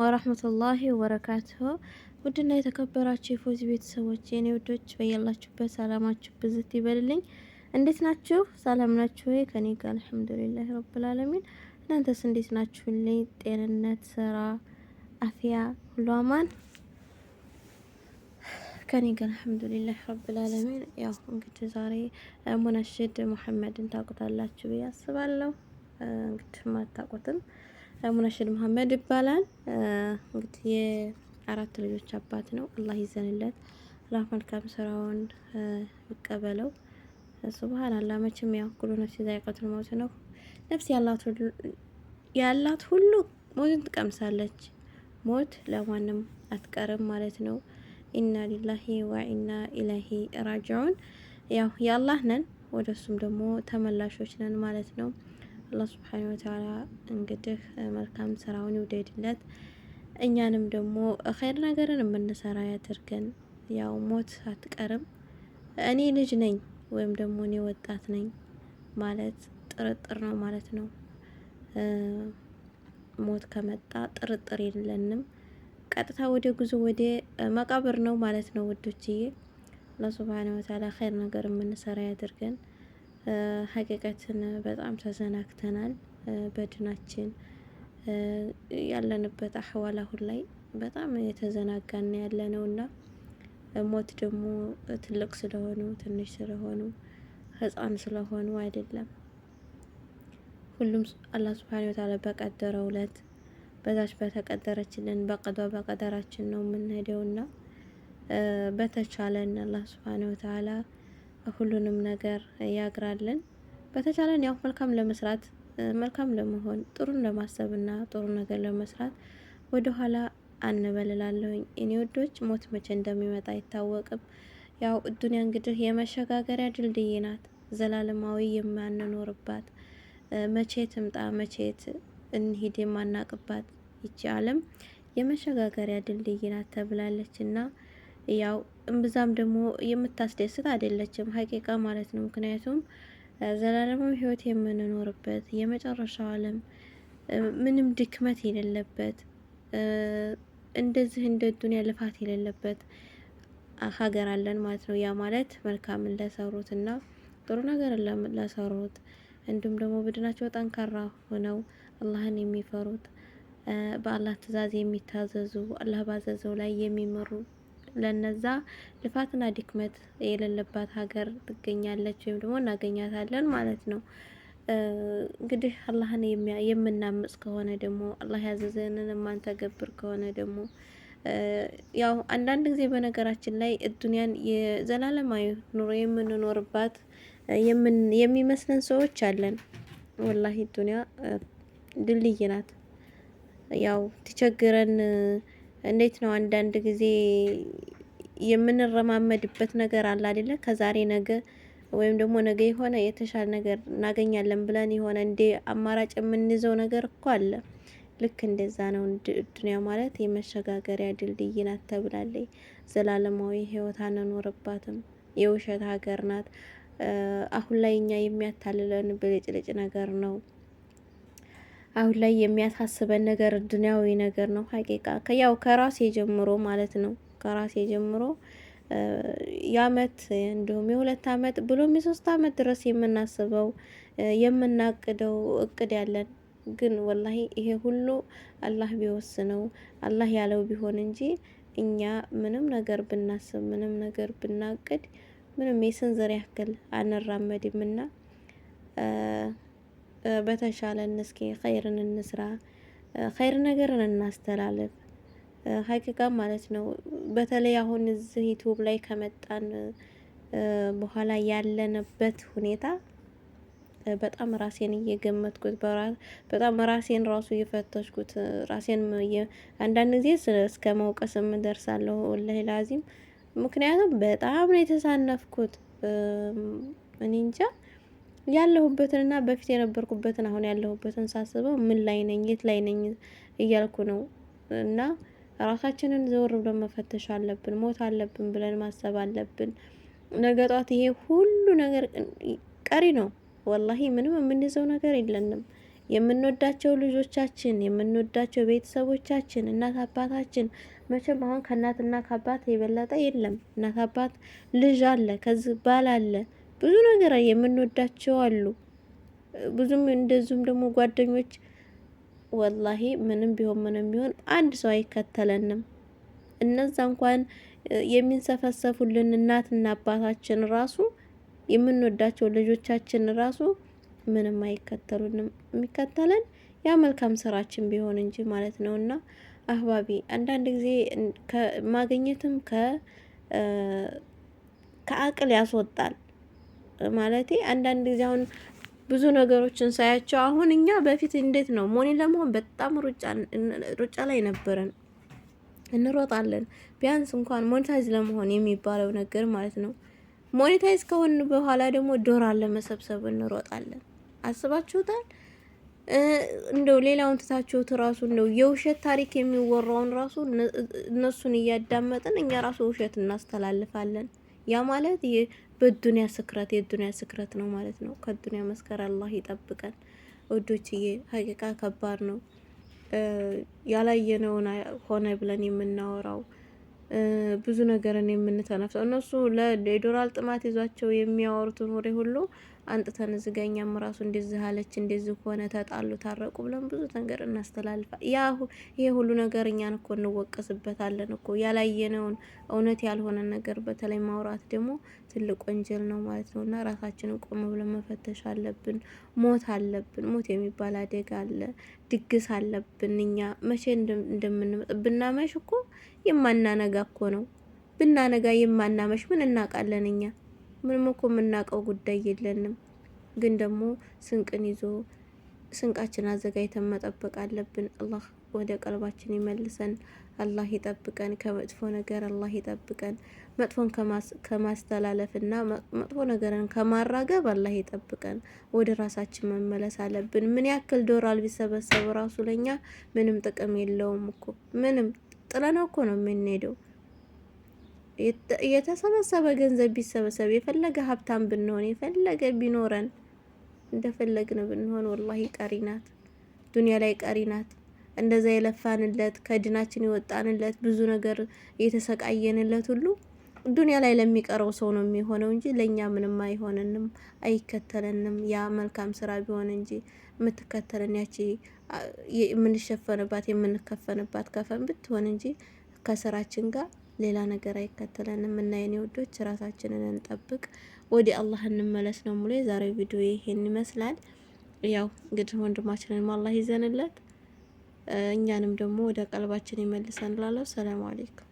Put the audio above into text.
ወራህመቱላሂ ወበረካቱሁ ውድና የተከበራችሁ የፎዚ ቤተሰቦች የኔ ውዶች በያላችሁበት ሰላማችሁ ብዝት ይበልልኝ። እንዴት ናችሁ? ሰላም ናችሁ ወይ? ከኔ ጋር አልሐምዱሊላህ ረብል አለሚን። እናንተስ እንዴት ናችሁልኝ? ጤንነት፣ ስራ፣ አፍያ ሁሉ አማን ከኔ ጋር አልሐምዱሊላህ ረብል አለሚን። ያው እንግዲህ ዛሬ ሙነሽድ መሐመድን ታውቁታላችሁ ብዬ አስባለሁ። እንግዲህ ማታውቁትም ሙነሽድ መሀመድ ይባላል። እንግዲህ የአራት ልጆች አባት ነው። አላህ ይዘንለት፣ አላህ መልካም ስራውን ይቀበለው። ሱብሃንአላህ መቼም ያው ኩሉ ነፍስ ዛኢቀቱል መውት ነው። ነፍስ ያላት ሁሉ ሞትን ትቀምሳለች። ሞት ለማንም አትቀርም ማለት ነው። ኢና ሊላሂ ወኢና ኢለይሂ ራጂዑን። ያው የአላህ ነን፣ ወደሱም ደግሞ ተመላሾች ነን ማለት ነው። አላህ ስብሓነ ወተዓላ እንግዲህ መልካም ስራውን ይውደድለት፣ እኛንም ደግሞ ኸይር ነገርን የምንሰራ ያድርገን። ያው ሞት አትቀርም። እኔ ልጅ ነኝ ወይም ደግሞ እኔ ወጣት ነኝ ማለት ጥርጥር ነው ማለት ነው። ሞት ከመጣ ጥርጥር የለንም። ቀጥታ ወደ ጉዞ ወደ መቃብር ነው ማለት ነው ውዶችዬ። አላህ ሱብሓነሁ ወተዓላ ኸይር ነገር የምንሰራ ያድርገን። ሀቂቀትን በጣም ተዘናግተናል። በድናችን ያለንበት አህዋል አሁን ላይ በጣም የተዘናጋን ነው እና ሞት ደግሞ ትልቅ ስለሆኑ ትንሽ ስለሆኑ ህፃን ስለሆኑ አይደለም። ሁሉም አላህ ሱብሓነሁ ወተዓላ በቀደረው ዕለት በዛች በተቀደረችልን በቀዷ በቀደራችን ነው የምንሄደውና በተቻለን አላህ ሱብሓነሁ ወተዓላ ሁሉንም ነገር ያግራልን። በተቻለን ያው መልካም ለመስራት መልካም ለመሆን ጥሩን ለማሰብና ጥሩ ነገር ለመስራት ወደኋላ አንበልላለሁኝ። እኔ ወዶች ሞት መቼ እንደሚመጣ አይታወቅም። ያው እዱንያ እንግዲህ የመሸጋገሪያ ድልድይ ናት፣ ዘላለማዊ የማንኖርባት መቼ ትምጣ መቼት እንሂድ የማናቅባት ይቺ ዓለም የመሸጋገሪያ ድልድይ ናት ተብላለች እና ያው እምብዛም ደግሞ የምታስደስት አይደለችም ሀቂቃ ማለት ነው። ምክንያቱም ዘላለማዊ ህይወት የምንኖርበት የመጨረሻው ዓለም ምንም ድክመት የሌለበት እንደዚህ እንደ ዱንያ ልፋት የሌለበት ሀገር አለን ማለት ነው። ያ ማለት መልካምን ለሰሩት እና ጥሩ ነገር ለሰሩት እንዲሁም ደግሞ በድናቸው ጠንካራ ሆነው አላህን የሚፈሩት በአላህ ትዕዛዝ የሚታዘዙ አላህ ባዘዘው ላይ የሚመሩ ለነዛ ልፋትና ድክመት የሌለባት ሀገር ትገኛለች ወይም ደግሞ እናገኛታለን ማለት ነው። እንግዲህ አላህን የምናምጽ ከሆነ ደግሞ አላህ ያዘዘንን የማንተገብር ከሆነ ደግሞ ያው አንዳንድ ጊዜ በነገራችን ላይ እዱንያን የዘላለማዊ ኑሮ የምንኖርባት የሚመስለን ሰዎች አለን። ወላሂ ዱንያ ድልድይ ናት። ያው ትቸግረን እንዴት ነው አንዳንድ ጊዜ የምንረማመድበት ነገር አለ አይደለ? ከዛሬ ነገ ወይም ደግሞ ነገ የሆነ የተሻለ ነገር እናገኛለን ብለን የሆነ እንደ አማራጭ የምንይዘው ነገር እኮ አለ። ልክ እንደዛ ነው። ዱንያ ማለት የመሸጋገሪያ ድልድይ ናት ተብላለይ። ዘላለማዊ ህይወት አንኖርባትም። የውሸት ሀገር ናት። አሁን ላይ እኛ የሚያታልለን ብልጭልጭ ነገር ነው። አሁን ላይ የሚያሳስበን ነገር ድንያዊ ነገር ነው። ሀቂቃ ያው ከራሴ ጀምሮ ማለት ነው ከራሴ ጀምሮ የአመት እንዲሁም የሁለት አመት ብሎም የሶስት አመት ድረስ የምናስበው የምናቅደው እቅድ ያለን ግን ወላሂ ይሄ ሁሉ አላህ ቢወስነው አላህ ያለው ቢሆን እንጂ እኛ ምንም ነገር ብናስብ ምንም ነገር ብናቅድ ምንም የስንዝር ያክል አንራመድምና በተሻለን እስኪ ኸይርን እንስራ፣ ኸይር ነገርን እናስተላልፍ። ሀቂቃ ማለት ነው። በተለይ አሁን እዚህ ዩቱብ ላይ ከመጣን በኋላ ያለንበት ሁኔታ በጣም ራሴን እየገመትኩት በጣም ራሴን ራሱ እየፈተሽኩት ራሴን አንዳንድ ጊዜ እስከ መውቀስ የምደርሳለሁ ወላሂ ላዚም። ምክንያቱም በጣም ነው የተሳነፍኩት እኔ እንጃ ያለሁበትንና በፊት የነበርኩበትን አሁን ያለሁበትን ሳስበው ምን ላይ ነኝ፣ የት ላይ ነኝ እያልኩ ነው። እና ራሳችንን ዘወር ብለን መፈተሽ አለብን። ሞት አለብን ብለን ማሰብ አለብን። ነገ ጧት ይሄ ሁሉ ነገር ቀሪ ነው። ወላሂ ምንም የምንይዘው ነገር የለንም። የምንወዳቸው ልጆቻችን፣ የምንወዳቸው ቤተሰቦቻችን፣ እናት አባታችን መቼም አሁን ከእናትና ከአባት የበለጠ የለም። እናት አባት ልጅ አለ፣ ከዚህ ባል አለ ብዙ ነገር የምንወዳቸው አሉ። ብዙም እንደዚሁም ደግሞ ጓደኞች ወላሂ ምንም ቢሆን ምንም ቢሆን አንድ ሰው አይከተለንም። እነዛ እንኳን የሚንሰፈሰፉልን እናትና አባታችን ራሱ የምንወዳቸው ልጆቻችን ራሱ ምንም አይከተሉንም። የሚከተለን ያ መልካም ስራችን ቢሆን እንጂ ማለት ነው። እና አህባቢ አንዳንድ ጊዜ ማግኘትም ከአቅል ያስወጣል። ማለቴ አንዳንድ ጊዜ አሁን ብዙ ነገሮችን ሳያቸው አሁን እኛ በፊት እንዴት ነው ሞኔ ለመሆን በጣም ሩጫ ላይ ነበረን፣ እንሮጣለን። ቢያንስ እንኳን ሞኔታይዝ ለመሆን የሚባለው ነገር ማለት ነው። ሞኔታይዝ ከሆን በኋላ ደግሞ ዶላር ለመሰብሰብ እንሮጣለን። አስባችሁታል? እንደው ሌላውን ትታችሁት ራሱ እንደው የውሸት ታሪክ የሚወራውን ራሱ እነሱን እያዳመጥን እኛ ራሱ ውሸት እናስተላልፋለን። ያ ማለት በዱንያ ስክረት የዱንያ ስክረት ነው ማለት ነው። ከዱንያ መስከር አላህ ይጠብቀን። ወዶችዬ ሀቂቃ ከባድ ነው። ያላየነውን ሆነ ብለን የምናወራው ብዙ ነገርን የምንተነፍሰው እነሱ ለዶራል ጥማት ይዟቸው የሚያወሩትን ወሬ ሁሉ አንጥተን እዚጋ ራሱ እንደዚህ አለች እንደዚህ ሆነ ተጣሉ ታረቁ ብለን ብዙ ነገር እናስተላልፋ ያ ይሄ ሁሉ ነገር እኛን እኮ እንወቀስበታለን እኮ ያላየነውን እውነት ያልሆነ ነገር በተለይ ማውራት ደግሞ ትልቅ ወንጀል ነው ማለት ነው። እና ራሳችንን ቆም ብለን መፈተሽ አለብን። ሞት አለብን፣ ሞት የሚባል አደጋ አለ። ድግስ አለብን። እኛ መቼ እንደምንመጣ ብናመሽ እኮ የማናነጋ እኮ ነው ብናነጋ የማናመሽ ምን እናውቃለን እኛ ምንም እኮ የምናውቀው ጉዳይ የለንም፣ ግን ደግሞ ስንቅን ይዞ ስንቃችን አዘጋጅተን መጠበቅ አለብን። አላህ ወደ ቀልባችን ይመልሰን። አላህ ይጠብቀን፣ ከመጥፎ ነገር አላህ ይጠብቀን። መጥፎን ከማስተላለፍና መጥፎ ነገርን ከማራገብ አላህ ይጠብቀን። ወደ ራሳችን መመለስ አለብን። ምን ያክል ዶላር ቢሰበሰብ ራሱ ለኛ ምንም ጥቅም የለውም እኮ ምንም ጥለነው እኮ ነው የምንሄደው። የተሰበሰበ ገንዘብ ቢሰበሰብ የፈለገ ሀብታም ብንሆን የፈለገ ቢኖረን እንደፈለግን ብንሆን ወላሂ ቀሪ ናት፣ ዱንያ ላይ ቀሪ ናት። እንደዛ የለፋንለት ከድናችን የወጣንለት ብዙ ነገር የተሰቃየንለት ሁሉ ዱንያ ላይ ለሚቀረው ሰው ነው የሚሆነው እንጂ ለእኛ ምንም አይሆንንም፣ አይከተለንም። ያ መልካም ስራ ቢሆን እንጂ የምትከተለን ያቺ የምንሸፈንባት የምንከፈንባት ከፈን ብትሆን እንጂ ከስራችን ጋር ሌላ ነገር አይከተለንም እና የኔ ውዶች ራሳችንን እንጠብቅ፣ ወደ አላህ እንመለስ ነው ሙሉ የዛሬው ቪዲዮ ይሄን ይመስላል። ያው እንግዲህ ወንድማችንን አላህ ይዘንለት እኛንም ደግሞ ወደ ቀልባችን ይመልሰን። ላለው ሰላም አለይኩም